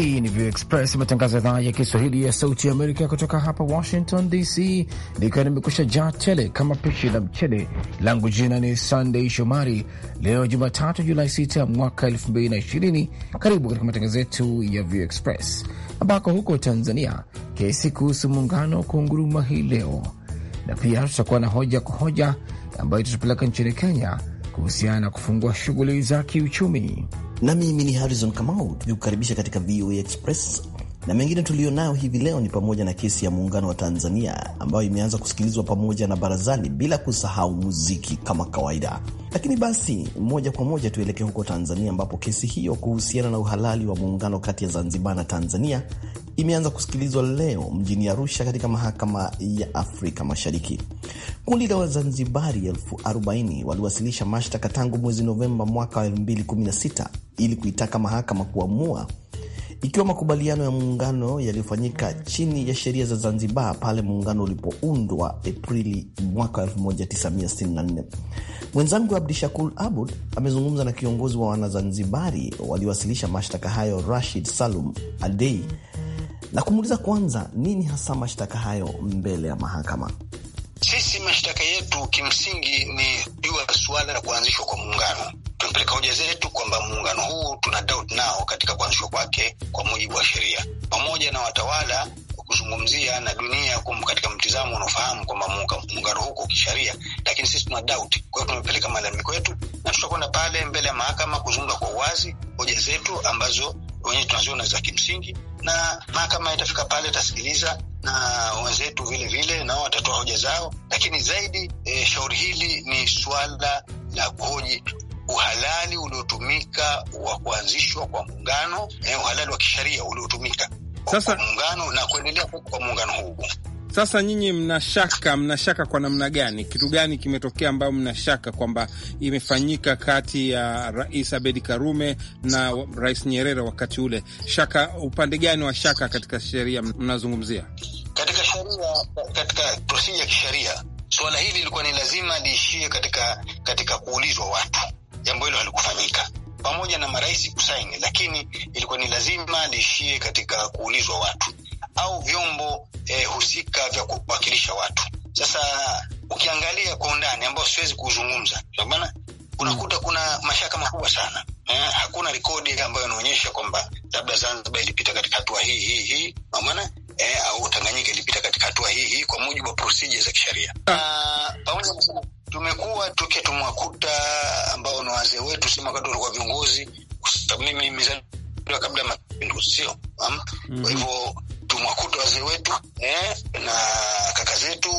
Hii ni Vio Express, matangazo ya idhaa ya Kiswahili ya Sauti ya Amerika kutoka hapa Washington DC, likiwa nimekusha jaa tele kama pishi la mchele langu. Jina ni sandey Shomari. Leo Jumatatu, Julai 6 mwaka 2020. Karibu katika matangazo yetu ya Vio Express, ambako huko Tanzania kesi kuhusu muungano wa kuunguruma hii leo, na pia tutakuwa na hoja kwa hoja ambayo itatupeleka nchini Kenya kuhusiana na kufungua shughuli za kiuchumi. Na mimi ni Harrison Kamau, tukikukaribisha katika VOA e Express na mengine tuliyonayo hivi leo ni pamoja na kesi ya muungano wa Tanzania ambayo imeanza kusikilizwa pamoja na barazani, bila kusahau muziki kama kawaida. Lakini basi moja kwa moja tuelekee huko Tanzania, ambapo kesi hiyo kuhusiana na uhalali wa muungano kati ya Zanzibar na Tanzania imeanza kusikilizwa leo mjini Arusha katika mahakama ya Afrika Mashariki. Kundi la Wazanzibari elfu arobaini waliwasilisha mashtaka tangu mwezi Novemba mwaka wa 2016 ili kuitaka mahakama kuamua ikiwa makubaliano ya muungano yaliyofanyika chini ya sheria za Zanzibar pale muungano ulipoundwa Aprili mwaka 1964. Mwenzangu Abdi Shakur Abud amezungumza na kiongozi wa Wanazanzibari waliowasilisha mashtaka hayo, Rashid Salum Adei, na kumuuliza kwanza nini hasa mashtaka hayo mbele ya mahakama. Sisi mashtaka yetu kimsingi ni juu ya suala la kuanzishwa kwa muungano. Tumepeleka hoja zetu kwamba muungano huu tuna doubt nao katika kuanzishwa kwake kwa mujibu wa sheria, pamoja na watawala kuzungumzia na dunia katika mtizamo unaofahamu kwamba muungano huko kisheria, lakini sisi tuna doubt. Kwa hiyo tumepeleka malalamiko yetu na tutakwenda pale mbele ya mahakama kuzungumza kwa uwazi hoja zetu ambazo kwenye tunaziona za kimsingi, na mahakama itafika pale itasikiliza na wenzetu vile vile nao watatoa hoja zao, lakini zaidi e, shauri hili ni suala la kuhoji uhalali uliotumika wa kuanzishwa kwa muungano e, uhalali wa kisheria uliotumika sasa muungano na kuendelea kwa muungano huu. Sasa nyinyi mnashaka, mnashaka kwa namna gani? Kitu gani kimetokea ambayo mnashaka kwamba imefanyika kati ya Rais Abedi Karume na Rais Nyerere wakati ule? Shaka upande gani wa shaka katika sheria mnazungumzia? Katika sheria, katika prosija ya kisheria, suala hili ilikuwa ni lazima liishie katika katika kuulizwa watu. Jambo hilo halikufanyika pamoja na marais kusaini, lakini ilikuwa ni lazima liishie katika kuulizwa watu au vyombo eh, husika vya kuwakilisha watu. Sasa ukiangalia kwa undani ambao siwezi kuzungumza, ndio unakuta kuna mashaka makubwa sana eh, hakuna rekodi ambayo inaonyesha kwamba labda Zanzibar ilipita katika hatua hii hii hii maana eh, au Tanganyika ilipita katika hatua hii hii kwa mujibu wa procedure za kisheria. Ah, pamoja na tumekuwa tuke tumwakuta ambao ni wazee wetu, si wakati walikuwa viongozi, kwa sababu mimi nimezaliwa kabla ya mapinduzi, sio? Kwa hivyo tumewakuta wazee wetu eh, na kaka zetu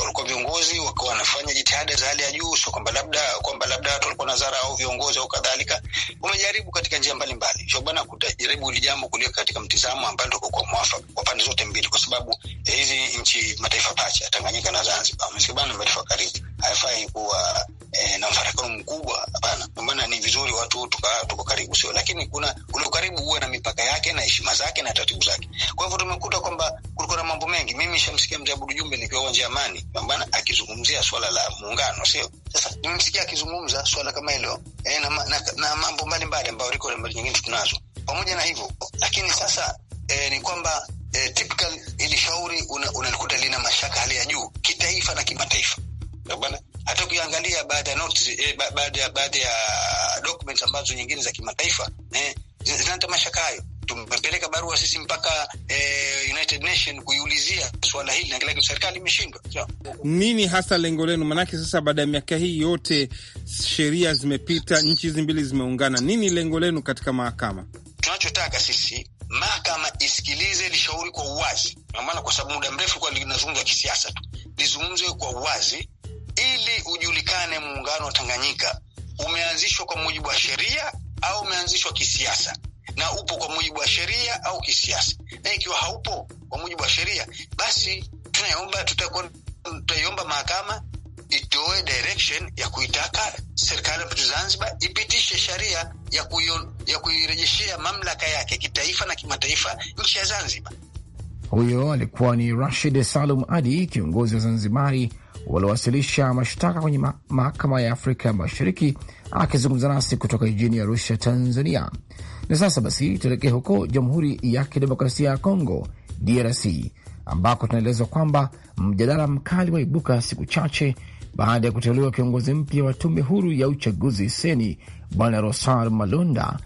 walikuwa viongozi, wakiwa wanafanya jitihada za hali ya juu, sio kwamba labda kwamba labda watu walikuwa na zara au viongozi au kadhalika. Wamejaribu katika njia mbalimbali, sio bwana, kutajaribu hili jambo kuliweka katika mtizamo ambao ndio kwa mwafaka kwa pande zote mbili, kwa sababu eh, hizi nchi mataifa pacha Tanganyika na Zanzibar, msikibana mataifa karibu haifai kuwa eh, na mfarakano mkubwa hapana. Kwa maana ni vizuri watu tuka tuko karibu, sio lakini, kuna ule karibu huwe na mipaka yake na heshima zake na taratibu zake. Kwa hivyo tumekuta kwamba kulikuwa na mambo mengi. Mimi nishamsikia mzee Aboud Jumbe nikiwa uwanja wa Amani bana akizungumzia swala la muungano, sio sasa nimemsikia akizungumza swala kama hilo eh, na, na, na na mambo mbalimbali ambayo liko mbali nyingine tunazo pamoja na hivyo lakini sasa eh, ni kwamba eh, typical ili shauri unalikuta una lina mashaka hali ya juu kitaifa na kimataifa Bwana hata ukiangalia baadhi ya notes eh, baadhi ya baadhi ya documents ambazo nyingine za kimataifa eh, zinata mashaka hayo. Tumepeleka barua sisi mpaka eh, United Nation kuiulizia swala hili, lakini serikali imeshindwa. Nini hasa lengo lenu? Maanake sasa baada ya miaka hii yote sheria zimepita, nchi hizi mbili zimeungana. Nini lengo lenu katika mahakama? Tunachotaka sisi mahakama isikilize lishauri kwa uwazi, maana kwa sababu muda mrefu kwa linazungumza kisiasa tu, lizungumze kwa uwazi ili ujulikane muungano wa Tanganyika umeanzishwa kwa mujibu wa sheria au umeanzishwa kisiasa, na upo kwa mujibu wa sheria au kisiasa, na ikiwa haupo kwa mujibu wa sheria, basi tunaiomba tutaiomba mahakama itoe direction ya kuitaka serikali ya Zanzibar ipitishe sheria ya kuirejeshea ya mamlaka yake kitaifa na kimataifa nchi ya Zanzibar. Huyo alikuwa ni Rashid Salum Adi, kiongozi wa Zanzibari waliowasilisha mashtaka kwenye mahakama ya Afrika Mashariki, akizungumza nasi kutoka jijini Arusha, Tanzania. Na sasa basi tuelekee huko Jamhuri ya Kidemokrasia ya Kongo, DRC, ambako tunaelezwa kwamba mjadala mkali waibuka siku chache baada ya kuteuliwa kiongozi mpya wa tume huru ya uchaguzi seni Bwana Rosar Malonda,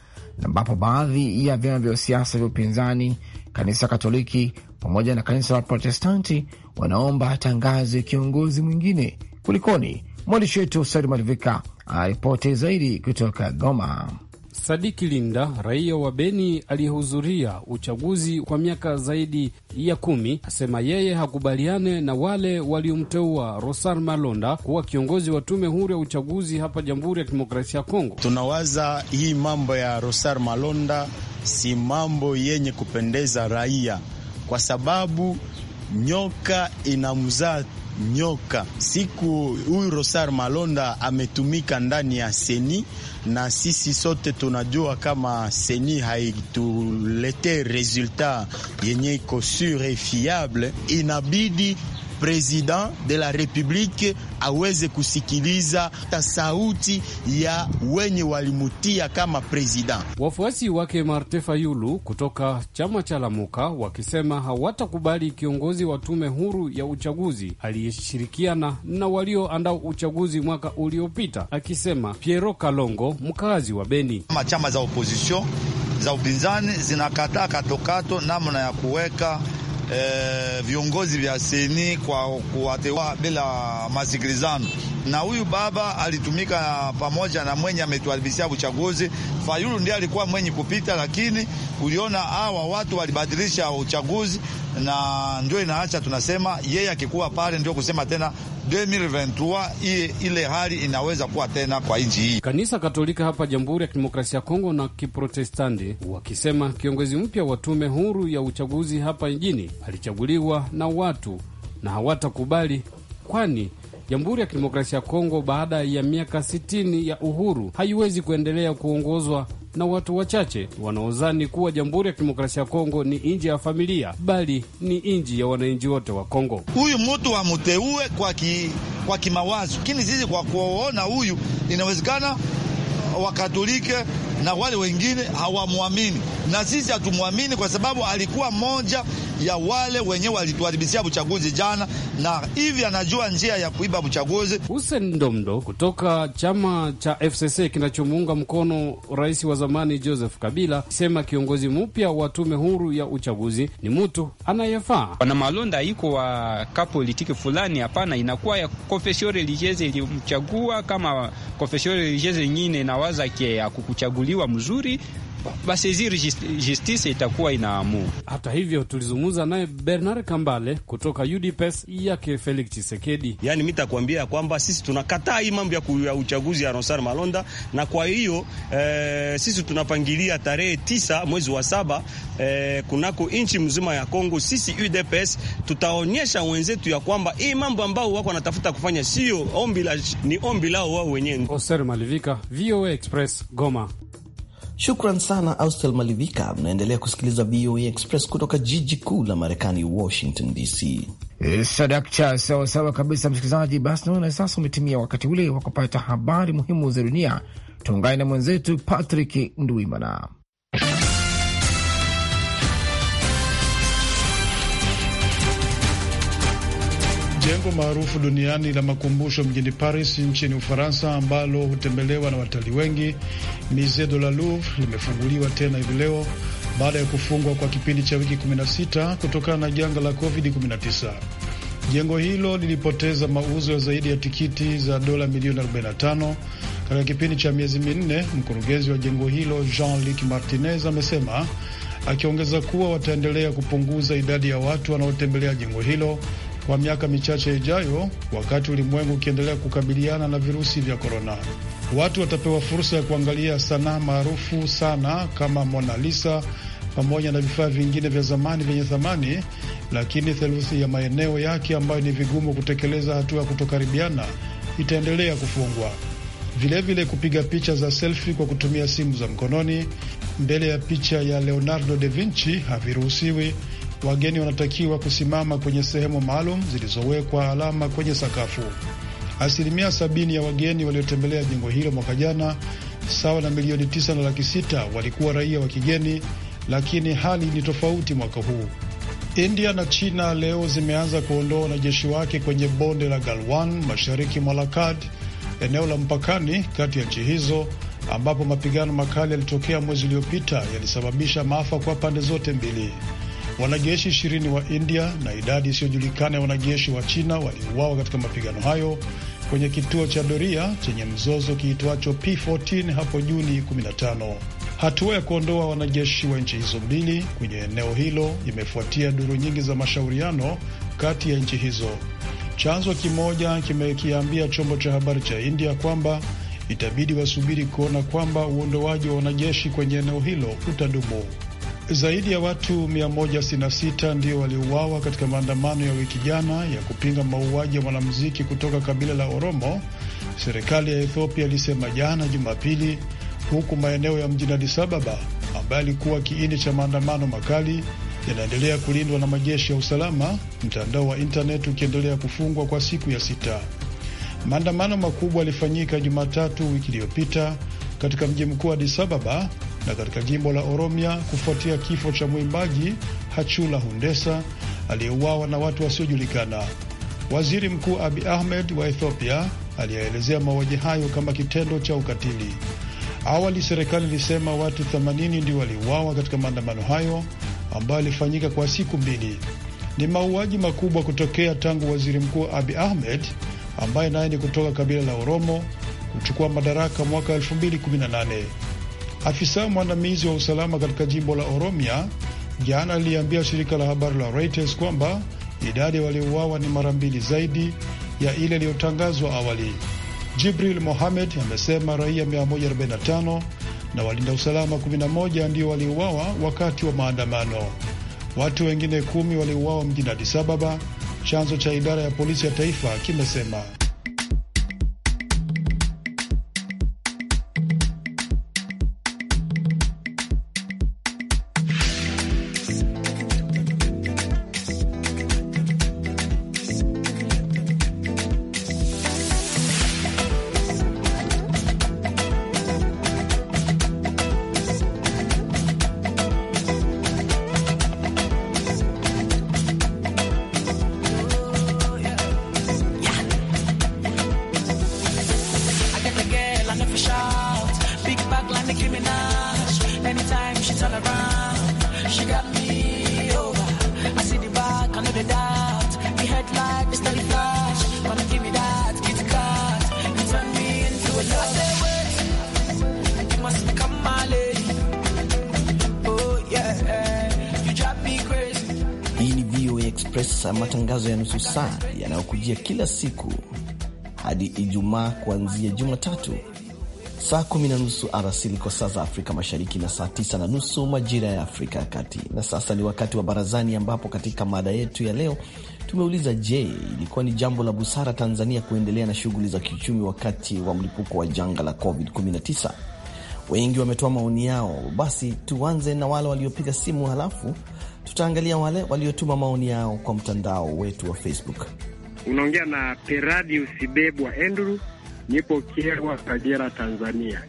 ambapo baadhi ya vyama vya siasa vya upinzani, kanisa Katoliki pamoja na kanisa la Protestanti wanaomba atangaze kiongozi mwingine. Kulikoni? Mwandishi wetu sadi Malivika aripoti zaidi kutoka Goma. Sadiki Linda, raia wa Beni aliyehudhuria uchaguzi kwa miaka zaidi ya kumi, asema yeye hakubaliane na wale waliomteua Rosar Malonda kuwa kiongozi wa tume huru ya uchaguzi hapa Jamhuri ya Kidemokrasia ya Kongo. Tunawaza hii mambo ya Rosar Malonda si mambo yenye kupendeza raia, kwa sababu nyoka inamzaa nyoka. Siku huyu Rosar Malonda ametumika ndani ya seni, na sisi sote tunajua kama seni haituletee resultat yenye iko sure fiable, inabidi president de la republike aweze kusikiliza sauti ya wenye walimutia kama president. Wafuasi wake Marte Fayulu kutoka chama cha Lamuka wakisema hawatakubali kiongozi wa tume huru ya uchaguzi aliyeshirikiana na walioandaa uchaguzi mwaka uliopita, akisema Piero Kalongo, mkazi wa Beni. Kama chama za opposition za upinzani zinakataa katokato namna ya kuweka eh, viongozi vya seni kwa kuwateua bila masikilizano. Na huyu baba alitumika pamoja na mwenye ametuharibishia uchaguzi. Fayulu ndiye alikuwa mwenye kupita, lakini uliona hawa watu walibadilisha uchaguzi, na ndio inaacha tunasema yeye akikuwa pale ndio kusema tena 2023 ile, ile hali inaweza kuwa tena kwa nchi hii. Kanisa Katolika hapa Jamhuri ya Kidemokrasia ya Kongo na Kiprotestanti wakisema kiongozi mpya wa tume huru ya uchaguzi hapa nchini alichaguliwa na watu na hawatakubali, kwani Jamhuri ya Kidemokrasia ya Kongo baada ya miaka 60 ya uhuru haiwezi kuendelea kuongozwa na watu wachache wanaozani kuwa Jamhuri ya Kidemokrasia ya Kongo ni nji ya familia, bali ni nji ya wananchi wote wa Kongo. Huyu mtu amteue kwa, ki, kwa kimawazo, lakini sisi kwa kuona huyu inawezekana Wakatolike na wale wengine hawamwamini, na sisi hatumwamini kwa sababu alikuwa mmoja ya wale wenyewe walituharibishia uchaguzi jana, na hivi anajua njia ya kuiba uchaguzi. Hussein Ndomdo kutoka chama cha FCC kinachomuunga mkono rais wa zamani Joseph Kabila sema kiongozi mpya wa tume huru ya uchaguzi ni mtu anayefaa. Wana malonda iko wa kapolitiki fulani, hapana, inakuwa ya konfesio religieuse ilimchagua kama konfesio religieuse nyingine inawaza ke ya kukuchagulia itaandaliwa mzuri, basi hizi justice itakuwa inaamua. Hata hivyo, tulizungumza naye Bernard Kambale kutoka UDPS yake Felix Chisekedi. Yani mi takuambia kwamba sisi tunakataa hii mambo ya uchaguzi ya Ronsar Malonda, na kwa hiyo eh, sisi tunapangilia tarehe tisa mwezi wa saba eh, kunako nchi mzima ya Kongo. Sisi UDPS tutaonyesha wenzetu ya kwamba hii mambo ambao wako wanatafuta kufanya sio ombi la, ni ombi lao wao wenyewe. Oser Malivika, VOA Express, Goma. Shukran sana Austel Malivika. Mnaendelea kusikiliza VOA Express kutoka jiji kuu la Marekani, Washington DC. Eh, Sadakta, sawasawa kabisa msikilizaji. Basi naona sasa umetimia wakati ule wa kupata habari muhimu za dunia. Tuungane na mwenzetu Patrick Nduimana. Jengo maarufu duniani la makumbusho mjini Paris nchini Ufaransa, ambalo hutembelewa na watalii wengi, Musee de la Louvre, limefunguliwa tena hivi leo baada ya kufungwa kwa kipindi cha wiki 16 kutokana na janga la COVID-19. Jengo hilo lilipoteza mauzo ya zaidi ya tikiti za dola milioni 45 katika kipindi cha miezi minne. Mkurugenzi wa jengo hilo Jean-Luc Martinez amesema, akiongeza kuwa wataendelea kupunguza idadi ya watu wanaotembelea jengo hilo kwa miaka michache ijayo, wakati ulimwengu ukiendelea kukabiliana na virusi vya korona. Watu watapewa fursa ya kuangalia sanaa maarufu sana kama Mona Lisa pamoja na vifaa vingine vya zamani vyenye thamani, lakini theluthi ya maeneo yake ambayo ni vigumu kutekeleza hatua ya kutokaribiana itaendelea kufungwa. Vilevile vile kupiga picha za selfi kwa kutumia simu za mkononi mbele ya picha ya Leonardo da Vinci haviruhusiwi wageni wanatakiwa kusimama kwenye sehemu maalum zilizowekwa alama kwenye sakafu. Asilimia sabini ya wageni waliotembelea jengo hilo mwaka jana, sawa na milioni tisa na laki sita, walikuwa raia wa kigeni, lakini hali ni tofauti mwaka huu. India na China leo zimeanza kuondoa wanajeshi wake kwenye bonde la Galwan mashariki mwa Lakad, eneo la mpakani kati ya nchi hizo ambapo mapigano makali yalitokea mwezi uliopita yalisababisha maafa kwa pande zote mbili. Wanajeshi ishirini wa India na idadi isiyojulikana ya wanajeshi wa China waliuawa katika mapigano hayo kwenye kituo cha doria chenye mzozo kiitwacho P14 hapo Juni 15. Hatua ya kuondoa wanajeshi wa nchi hizo mbili kwenye eneo hilo imefuatia duru nyingi za mashauriano kati ya nchi hizo. Chanzo kimoja kimekiambia chombo cha habari cha India kwamba itabidi wasubiri kuona kwamba uondoaji wa wanajeshi kwenye eneo hilo utadumu. Zaidi ya watu 166 ndio waliuawa katika maandamano ya wiki jana ya kupinga mauaji ya mwanamuziki kutoka kabila la Oromo, serikali ya Ethiopia ilisema jana Jumapili, huku maeneo ya mjini Addis Ababa ambayo alikuwa kiini cha maandamano makali yanaendelea kulindwa na majeshi ya usalama, mtandao wa intaneti ukiendelea kufungwa kwa siku ya sita. Maandamano makubwa yalifanyika Jumatatu wiki iliyopita katika mji mkuu wa Addis Ababa na katika jimbo la Oromia kufuatia kifo cha mwimbaji Hachula Hundesa aliyeuawa na watu wasiojulikana. Waziri Mkuu Abi Ahmed wa Ethiopia aliyeelezea mauaji hayo kama kitendo cha ukatili. Awali serikali ilisema watu 80 ndio waliuawa katika maandamano hayo ambayo yalifanyika kwa siku mbili. Ni mauaji makubwa kutokea tangu waziri mkuu Abi Ahmed ambaye naye ni kutoka kabila la Oromo kuchukua madaraka mwaka 2018. Afisa mwandamizi wa usalama katika jimbo la Oromia jana aliliambia shirika la habari la Reuters kwamba idadi ya waliouawa ni mara mbili zaidi ya ile iliyotangazwa awali. Jibril Mohamed amesema raia 145 na walinda usalama 11 ndio waliuawa wakati wa maandamano. Watu wengine kumi waliuawa mjini adisababa chanzo cha idara ya polisi ya taifa kimesema. sasa matangazo ya nusu saa yanayokujia kila siku hadi Ijumaa kuanzia Jumatatu saa kumi na nusu arasili kwa saa za Afrika Mashariki na saa tisa na nusu majira ya Afrika ya Kati. Na sasa ni wakati wa Barazani, ambapo katika mada yetu ya leo tumeuliza, je, ilikuwa ni jambo la busara Tanzania kuendelea na shughuli za kiuchumi wakati wa mlipuko wa janga la COVID-19? Wengi wametoa maoni yao. Basi tuanze na wale waliopiga simu, halafu Tutaangalia wale waliotuma maoni yao kwa mtandao wetu wa Facebook. Unaongea na Peradi Usibebwa Endru, nipo Kyerwa, Kagera, Tanzania.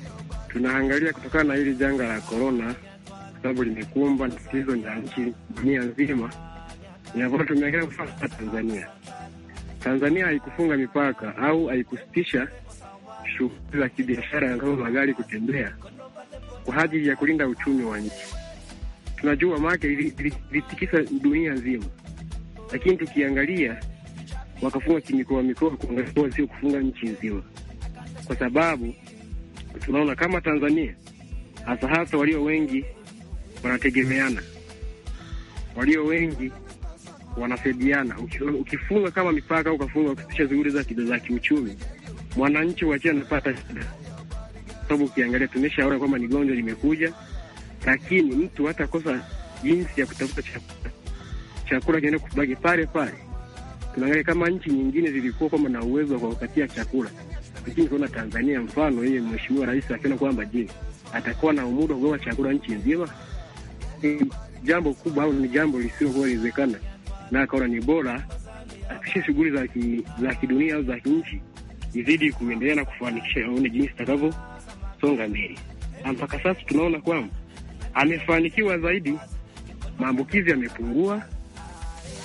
Tunaangalia kutokana na hili janga la korona, kwa sababu limekumba tatizo la nchi dunia nzima, inavyo tumeangalia kufaa Tanzania. Tanzania haikufunga mipaka au haikusitisha shughuli za kibiashara na magari kutembea kwa ajili ya kulinda uchumi wa nchi tunajua maake ilitikisa dunia nzima, lakini tukiangalia wakafunga kimikoa mikoa, kuangalia sio kufunga nchi nzima, kwa sababu tunaona kama Tanzania hasa hasa walio wengi wanategemeana, walio wengi wanasaidiana. Ukifunga kama mipaka, ukafunga kusitisha shughuli za kiuchumi, mwananchi wa anapata shida, sababu ukiangalia tumeshaona kwamba ni gonjwa limekuja lakini mtu hata kosa jinsi ya kutafuta chakula, chakula kinaenda kubaki pale pale. Tunaangalia kama nchi nyingine zilikuwa kwamba na uwezo wa kuwapatia chakula, lakini tunaona Tanzania mfano yeye mheshimiwa rais akiona kwamba je, atakuwa na umuda kugawa chakula nchi nzima? Jambo kubwa au ni jambo lisilokuwa liwezekana, na akaona ni bora apishe shughuli za ki, za kidunia au za kinchi izidi kuendelea na kufanikisha, aone jinsi takavyosonga songa mbele. Mpaka sasa tunaona kwamba amefanikiwa zaidi, maambukizi yamepungua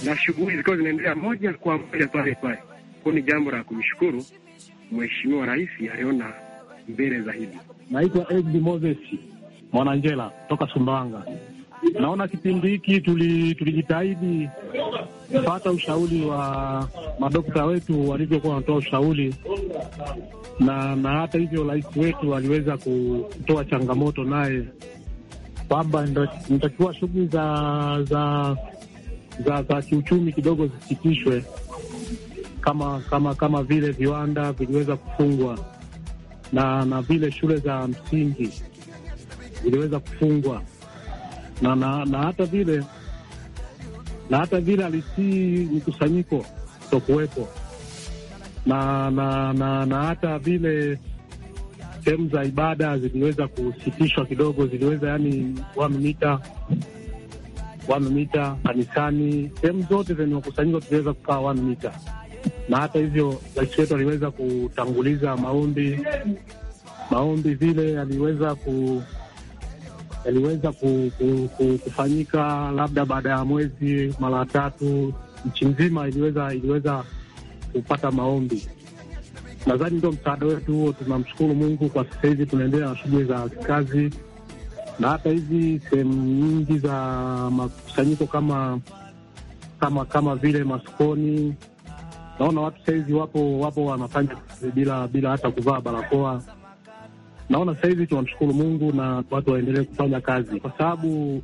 na shughuli zikiwa zinaendelea moja kwa moja pale pale. Kwa ni jambo la kumshukuru Mheshimiwa Rais, aliona mbele zaidi. Naitwa Edi Moses Mwananjela toka Sumbawanga. Naona kipindi hiki tulijitahidi tuli kupata ushauri wa madokta wetu walivyokuwa wanatoa ushauri, na na hata hivyo rais wetu aliweza kutoa changamoto naye kwamba nitakiwa shughuli za za za za kiuchumi kidogo zisitishwe, kama kama kama vile viwanda viliweza kufungwa na na vile shule za msingi ziliweza kufungwa na, na, na hata vile na hata vile alisii mkusanyiko kutokuwepo na na, na na hata vile sehemu za ibada ziliweza kusitishwa kidogo, ziliweza yani, wamemita wamemita kanisani, sehemu zote zenye makusanyiko tuliweza kukaa wamemita, na hata hivyo rais wetu aliweza kutanguliza maombi maombi vile yaliweza ku yaliweza ku, ku, ku, kufanyika labda baada ya mwezi mara tatu. Nchi nzima iliweza iliweza kupata maombi Nadhani ndio msaada wetu huo. Tunamshukuru Mungu kwa sasa hivi tunaendelea na shughuli za kazi, na hata hizi sehemu nyingi za makusanyiko kama kama kama vile masokoni, naona watu sahizi wapo wapo wanafanya kazi bila bila hata kuvaa barakoa. Naona sahizi tunamshukuru Mungu na watu waendelee kufanya kazi, kwa sababu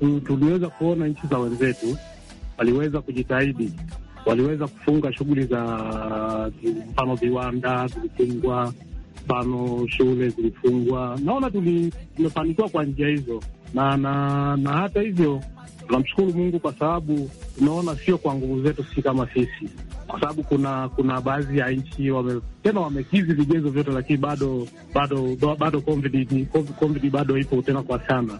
mm, tuliweza kuona nchi za wenzetu waliweza kujitahidi waliweza kufunga shughuli za mfano, viwanda vilifungwa, mfano shule zilifungwa. Naona tumefanikiwa kwa njia hizo, na, na, na hata hivyo tunamshukuru Mungu kwa sababu tunaona sio kwa nguvu zetu sisi kama sisi, kwa sababu kuna kuna baadhi ya nchi wame, tena wamekizi vigezo vyote, lakini bado bado bado COVID bado ipo tena kwa sana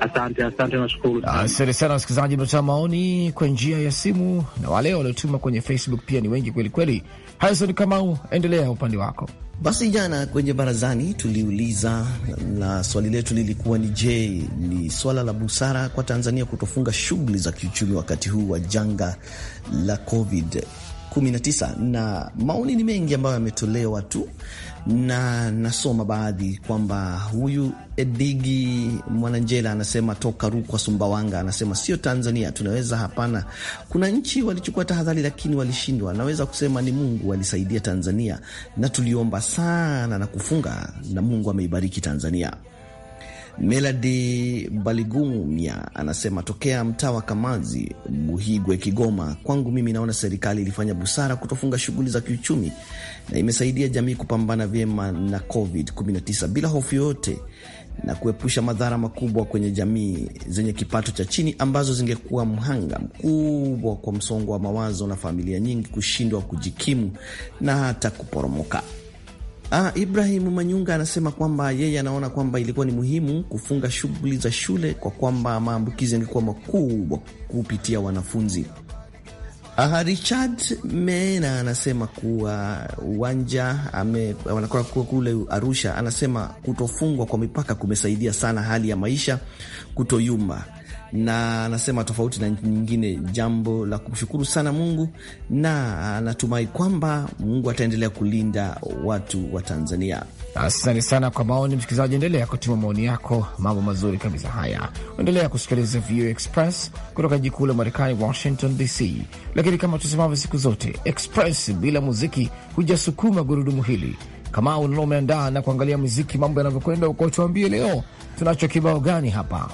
Asante, asante, nashukuru. Ah, asante sana wasikilizaji mliotoa maoni kwa njia ya simu na wale waliotuma kwenye Facebook pia ni wengi kweli kweli. Harison Kamau, endelea upande wako. Basi jana kwenye barazani tuliuliza, na swali letu lilikuwa ni je, ni swala la busara kwa Tanzania kutofunga shughuli za kiuchumi wakati huu wa janga la COVID 19 na maoni ni mengi ambayo yametolewa tu, na nasoma baadhi kwamba huyu Edigi Mwananjela anasema toka Rukwa, Sumbawanga, anasema sio Tanzania tunaweza, hapana. Kuna nchi walichukua tahadhari lakini walishindwa. Naweza kusema ni Mungu alisaidia Tanzania, na tuliomba sana na kufunga na Mungu ameibariki Tanzania. Meladi Baligumya anasema tokea mtaa wa Kamazi, Buhigwe, Kigoma. Kwangu mimi naona serikali ilifanya busara kutofunga shughuli za kiuchumi na imesaidia jamii kupambana vyema na COVID-19 bila hofu yoyote na kuepusha madhara makubwa kwenye jamii zenye kipato cha chini ambazo zingekuwa mhanga mkubwa kwa msongo wa mawazo na familia nyingi kushindwa kujikimu na hata kuporomoka. Ah, Ibrahim Manyunga anasema kwamba yeye anaona kwamba ilikuwa ni muhimu kufunga shughuli za shule kwa kwamba maambukizi yangekuwa makubwa kupitia wanafunzi. Ah, Richard Mena anasema kuwa uwanja wanakuwa kule Arusha, anasema kutofungwa kwa mipaka kumesaidia sana hali ya maisha kutoyumba na anasema tofauti na nchi nyingine, jambo la kumshukuru sana Mungu, na anatumai kwamba Mungu ataendelea kulinda watu wa Tanzania. Asante sana kwa maoni, msikilizaji, endelea kutuma maoni yako, mambo mazuri kabisa haya. Endelea kusikiliza VOA Express kutoka jiji kuu la Marekani, Washington DC. Lakini kama tusemavyo siku zote, Express bila muziki hujasukuma gurudumu hili kama unalo umeandaa na kuangalia muziki, mambo yanavyokwenda huko, tuambie leo tunacho kibao gani hapa?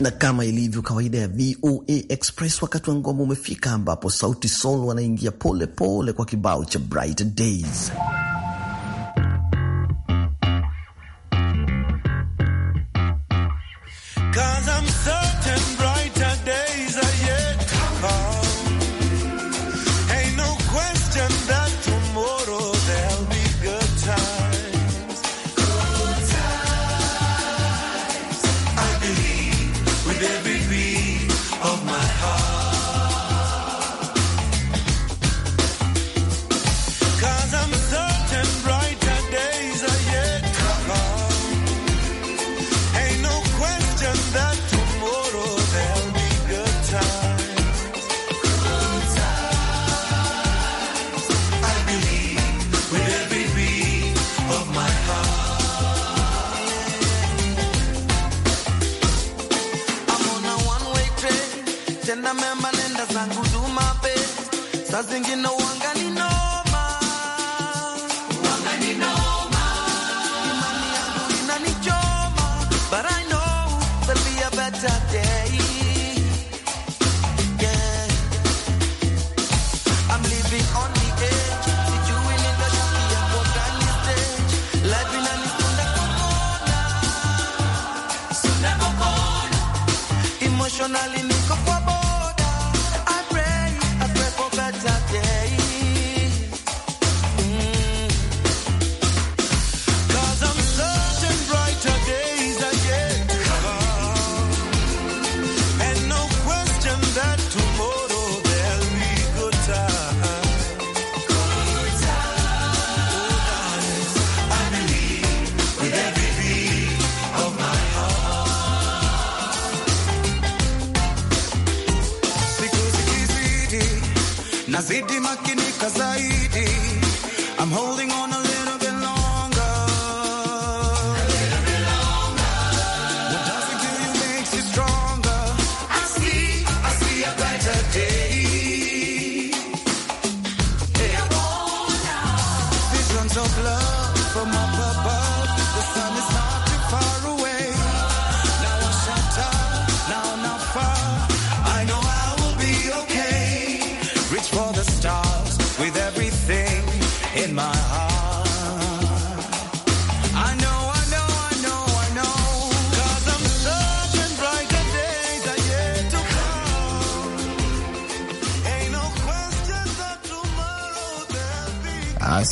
na kama ilivyo kawaida ya VOA Express, wakati wa ngoma umefika, ambapo Sauti Sol wanaingia pole pole kwa kibao cha Bright Days. nazidi makinika zaidi I'm holding on a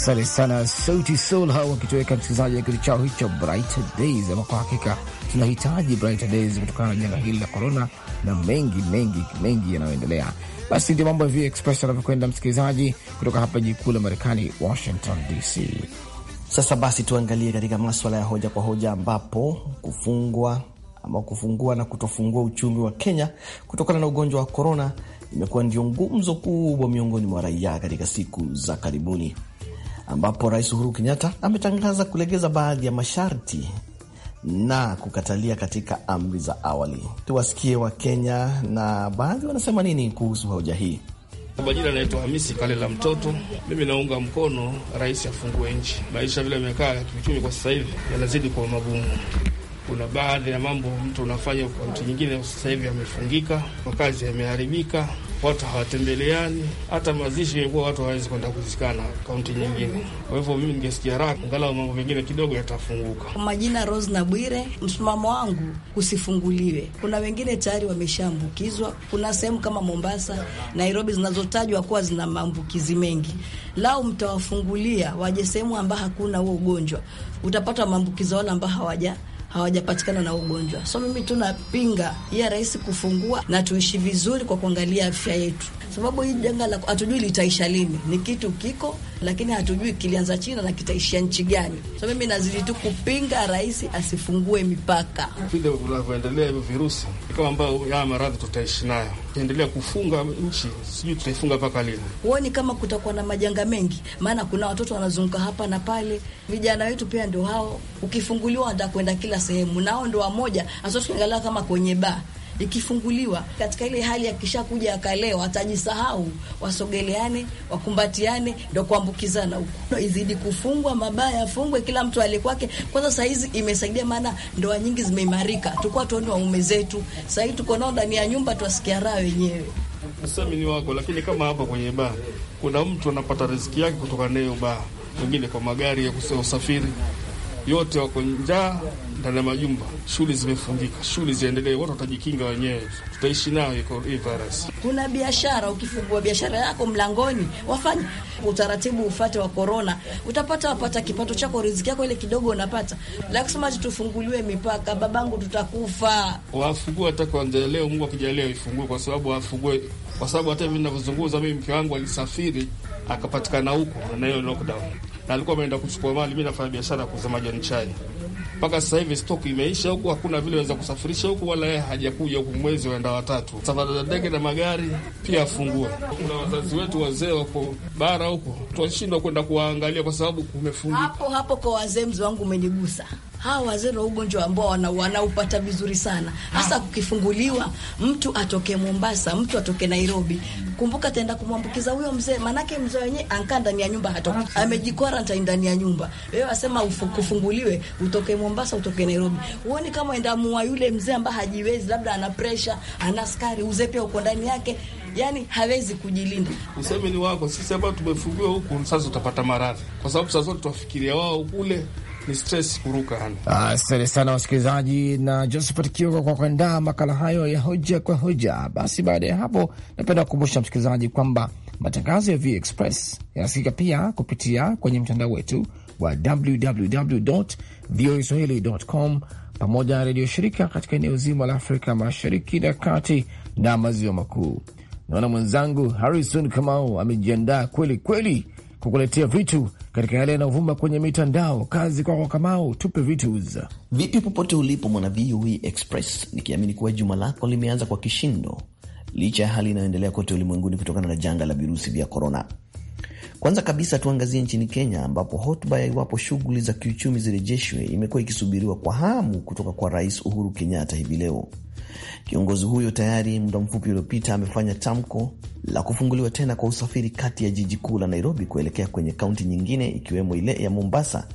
Asante sana Sauti Sol, hao wakitoweka msikilizaji wa kitu chao hicho Bright Days. Ama kwa hakika tunahitaji Bright Days kutokana na janga hili la korona na mengi mengi mengi yanayoendelea. Basi ndio mambo ya VOA Express yanavyokwenda, msikilizaji, kutoka hapa jiji kuu la Marekani, Washington DC. Sasa basi tuangalie katika maswala ya hoja kwa hoja, ambapo kufungwa ama kufungua na kutofungua uchumi wa Kenya kutokana na ugonjwa wa korona imekuwa ndio ngumzo kubwa miongoni mwa raia katika siku za karibuni ambapo Rais Uhuru Kenyatta ametangaza kulegeza baadhi ya masharti na kukatalia katika amri za awali. Tuwasikie Wakenya na baadhi wanasema nini kuhusu hoja hii. Majina anaitwa Hamisi Kale la Mtoto. Mimi naunga mkono rais afungue nchi. Maisha vile amekaa ya kiuchumi kwa sasa hivi yanazidi kwa magumu. Kuna baadhi ya mambo mtu unafanya kwa mtu nyingine, sasa hivi amefungika, makazi yameharibika, watu hawatembeleani, hata mazishi yakuwa watu hawawezi kwenda kuzikana kaunti nyingine. Kwa hivyo mimi ningesikia raha, angalau mambo mengine kidogo yatafunguka. Majina Rose na Bwire. Msimamo wangu kusifunguliwe. Kuna wengine tayari wameshaambukizwa. Kuna sehemu kama Mombasa, Nairobi zinazotajwa kuwa zina maambukizi mengi, lau mtawafungulia waje sehemu ambayo hakuna huo ugonjwa, utapata maambukizo wale ambao hawaja hawajapatikana na ugonjwa. So mimi tunapinga ya rais kufungua na tuishi vizuri kwa kuangalia afya yetu, sababu hii janga la hatujui litaisha lini, ni kitu kiko lakini hatujui kilianza China na kitaishia nchi gani. So mimi nazidi tu kupinga rais asifungue mipaka. Vile vinavyoendelea hivyo virusi kama ambayo haya maradhi tutaishi nayo, endelea kufunga nchi, sijui tutaifunga mpaka lini. Huoni kama kutakuwa na majanga mengi? Maana kuna watoto wanazunguka hapa na pale, vijana wetu pia ndio hao, ukifunguliwa watakwenda kila sehemu, nao ndo wamoja hasa tukiangalia kama kwenye baa ikifunguliwa katika ile hali, akishakuja akalewa, atajisahau. Wasogeleane, wakumbatiane, ndo kuambukizana huko. Izidi kufungwa mabaya, afungwe kila mtu ale kwake kwanza. Saa hizi imesaidia, maana ndoa nyingi zimeimarika. tukua tuone waume zetu, sahii tuko nao ndani ya nyumba, tuwasikia raha wenyewe usamini wako. Lakini kama hapa kwenye baa kuna mtu anapata riziki yake kutoka nayo baa, wengine kwa magari ya usafiri yote wako njaa ndani ya majumba, shule zimefungika. Shule ziendelee, watu watajikinga wenyewe, tutaishi nayo hii virus. Kuna biashara, ukifungua biashara yako mlangoni, wafanye utaratibu ufate wa korona, utapata wapata kipato chako, riziki yako ile kidogo unapata. La kusema tufunguliwe mipaka, babangu, tutakufa. Wafungue hata kuanzia leo, Mungu akijalia ifungue, kwa sababu wafungue, kwa sababu hata mimi ninavyozungumza mimi, mke wangu alisafiri akapatikana huko na hiyo lockdown na alikuwa ameenda kuchukua mali. Mimi nafanya biashara ya kuuza majani chai, mpaka sasa hivi stoku imeisha huku, hakuna vile waweza kusafirisha huku, wala yeye hajakuja huku mwezi waenda watatu. Safari za ndege na magari pia afungua. Kuna wazazi wetu wazee wako bara huko, tunashindwa kwenda kuwaangalia kwa sababu kumefungika hapo hapo. Kwa wazee, mzee wangu umenigusa hawa wazee wa ugonjwa ambao wanaupata vizuri sana hasa ah. kukifunguliwa, mtu atoke Mombasa, mtu atoke Nairobi, kumbuka ataenda kumwambukiza huyo mzee, manake mzee wenyewe anka ndani ya nyumba, hata ah. amejiquarantine ndani ya nyumba. Wewe wasema kufunguliwe, utoke Mombasa, utoke Nairobi, uone kama enda endamua yule mzee ambaye hajiwezi, labda ana pressure, ana sukari, uzepe uko ndani yake Yani hawezi kujilinda. Usemi ni wako sisi hapa tumefungiwa huku, sasa utapata maradhi, kwa sababu sasa tuwafikiria wao kule ni stress kuruka yani. Asante sana wasikilizaji na Josephat Kioko kwa kuandaa makala hayo ya hoja kwa hoja. Basi baada ya hapo, napenda kukumbusha msikilizaji kwamba matangazo ya V Express yanasikika pia kupitia kwenye mtandao wetu wa www voa swahilicom pamoja na redio shirika katika eneo zima la Afrika Mashariki na kati na maziwa makuu. Naona mwenzangu Harrison Kamau amejiandaa kweli kweli kukuletea vitu katika yale yanayovuma kwenye mitandao. Kazi kwako Kamau, tupe vitu vipi popote ulipo mwana VOA e Express, nikiamini kuwa juma lako limeanza kwa kishindo licha ya hali inayoendelea kote ulimwenguni kutokana na janga la virusi vya korona. Kwanza kabisa tuangazie nchini Kenya ambapo hotuba ya iwapo shughuli za kiuchumi zirejeshwe imekuwa ikisubiriwa kwa hamu kutoka kwa Rais Uhuru Kenyatta hivi leo. Kiongozi huyo tayari muda mfupi uliopita amefanya tamko la kufunguliwa tena kwa usafiri kati ya jiji kuu la Nairobi kuelekea kwenye kaunti nyingine ikiwemo ile ya Mombasa,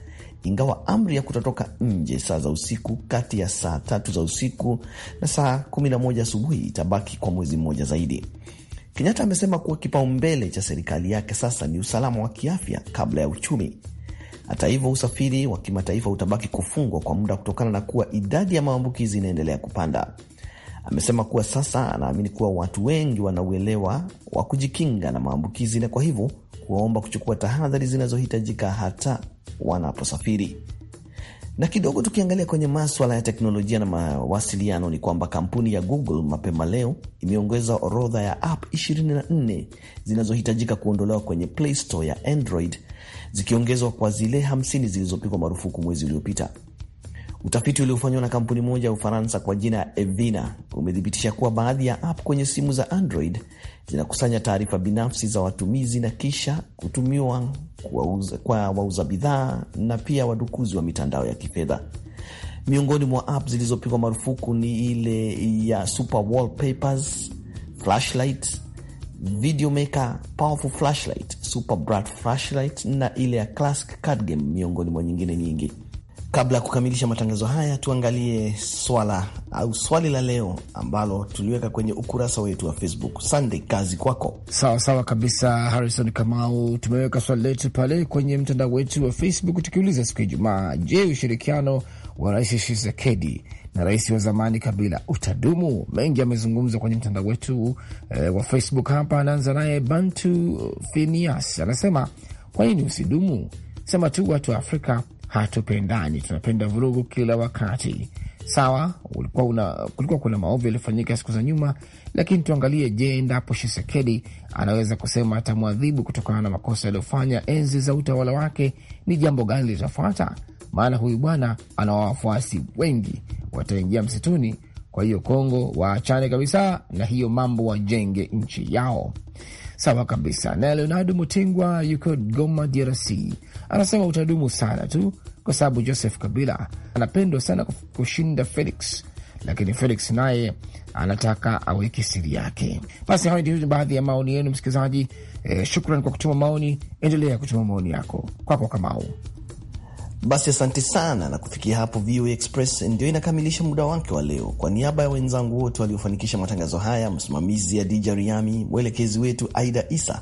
ingawa amri ya kutotoka nje saa za usiku kati ya saa tatu za usiku na saa moja asubuhi itabaki kwa mwezi mmoja zaidi. Kenyatta amesema kuwa kipaumbele cha serikali yake sasa ni usalama wa kiafya kabla ya uchumi. Hata hivyo, usafiri wa kimataifa utabaki kufungwa kwa muda kutokana na kuwa idadi ya maambukizi inaendelea kupanda. Amesema kuwa sasa anaamini kuwa watu wengi wanauelewa wa kujikinga na maambukizi na kwa hivyo kuwaomba kuchukua tahadhari zinazohitajika hata wanaposafiri. Na kidogo tukiangalia kwenye maswala ya teknolojia na mawasiliano, ni kwamba kampuni ya Google mapema leo imeongeza orodha ya app 24 zinazohitajika kuondolewa kwenye Play Store ya Android zikiongezwa kwa zile 50 zilizopigwa marufuku mwezi uliopita. Utafiti uliofanywa na kampuni moja ya Ufaransa kwa jina ya Evina umethibitisha kuwa baadhi ya app kwenye simu za Android zinakusanya taarifa binafsi za watumizi na kisha kutumiwa kwa wauza bidhaa na pia wadukuzi wa mitandao ya kifedha. Miongoni mwa app zilizopigwa marufuku ni ile ya super wallpapers, flashlight, video maker, powerful flashlight, super bright flashlight na ile ya classic card game, miongoni mwa nyingine nyingi. Kabla ya kukamilisha matangazo haya, tuangalie swala au swali la leo ambalo tuliweka kwenye ukurasa wetu wa Facebook. Sunday, kazi kwako. Sawa sawa kabisa, Harrison Kamau. Tumeweka swali letu pale kwenye mtandao wetu wa Facebook tukiuliza siku ya Ijumaa, je, ushirikiano wa Rais Tshisekedi na rais wa zamani Kabila utadumu? Mengi amezungumzwa kwenye mtandao wetu e, wa Facebook. Hapa anaanza naye Bantu Finias anasema, kwa nini usidumu? Sema tu watu wa Afrika hatupendani, tunapenda vurugu kila wakati. Sawa, ulikuwa una, kulikuwa kuna maovu yaliyofanyika siku za nyuma, lakini tuangalie, je, endapo Shisekedi anaweza kusema atamwadhibu kutokana na makosa yaliyofanya enzi za utawala wake, ni jambo gani litafuata? Maana huyu bwana ana wafuasi wengi, wataingia msituni kwa hiyo Kongo waachane kabisa na hiyo mambo, wajenge nchi yao. Sawa kabisa. Na Leonardo Mutingwa yuko Goma, DRC, anasema utadumu sana tu kwa sababu Joseph Kabila anapendwa sana kushinda Felix, lakini Felix naye anataka aweke siri yake. Basi hayo ndio baadhi ya maoni yenu msikilizaji. Eh, shukran kwa kutuma maoni. Endelea kutuma maoni yako. Kwako Kamau. Basi asante sana, na kufikia hapo VOA Express ndio inakamilisha muda wake wa leo. Kwa niaba ya wenzangu wote waliofanikisha matangazo haya, msimamizi ya dija Riami, mwelekezi wetu Aida Isa,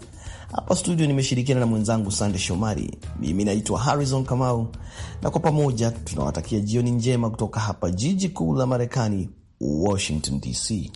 hapa studio nimeshirikiana na mwenzangu Sande Shomari. Mimi naitwa Harrison Kamau, na kwa pamoja tunawatakia jioni njema kutoka hapa jiji kuu la Marekani, Washington DC.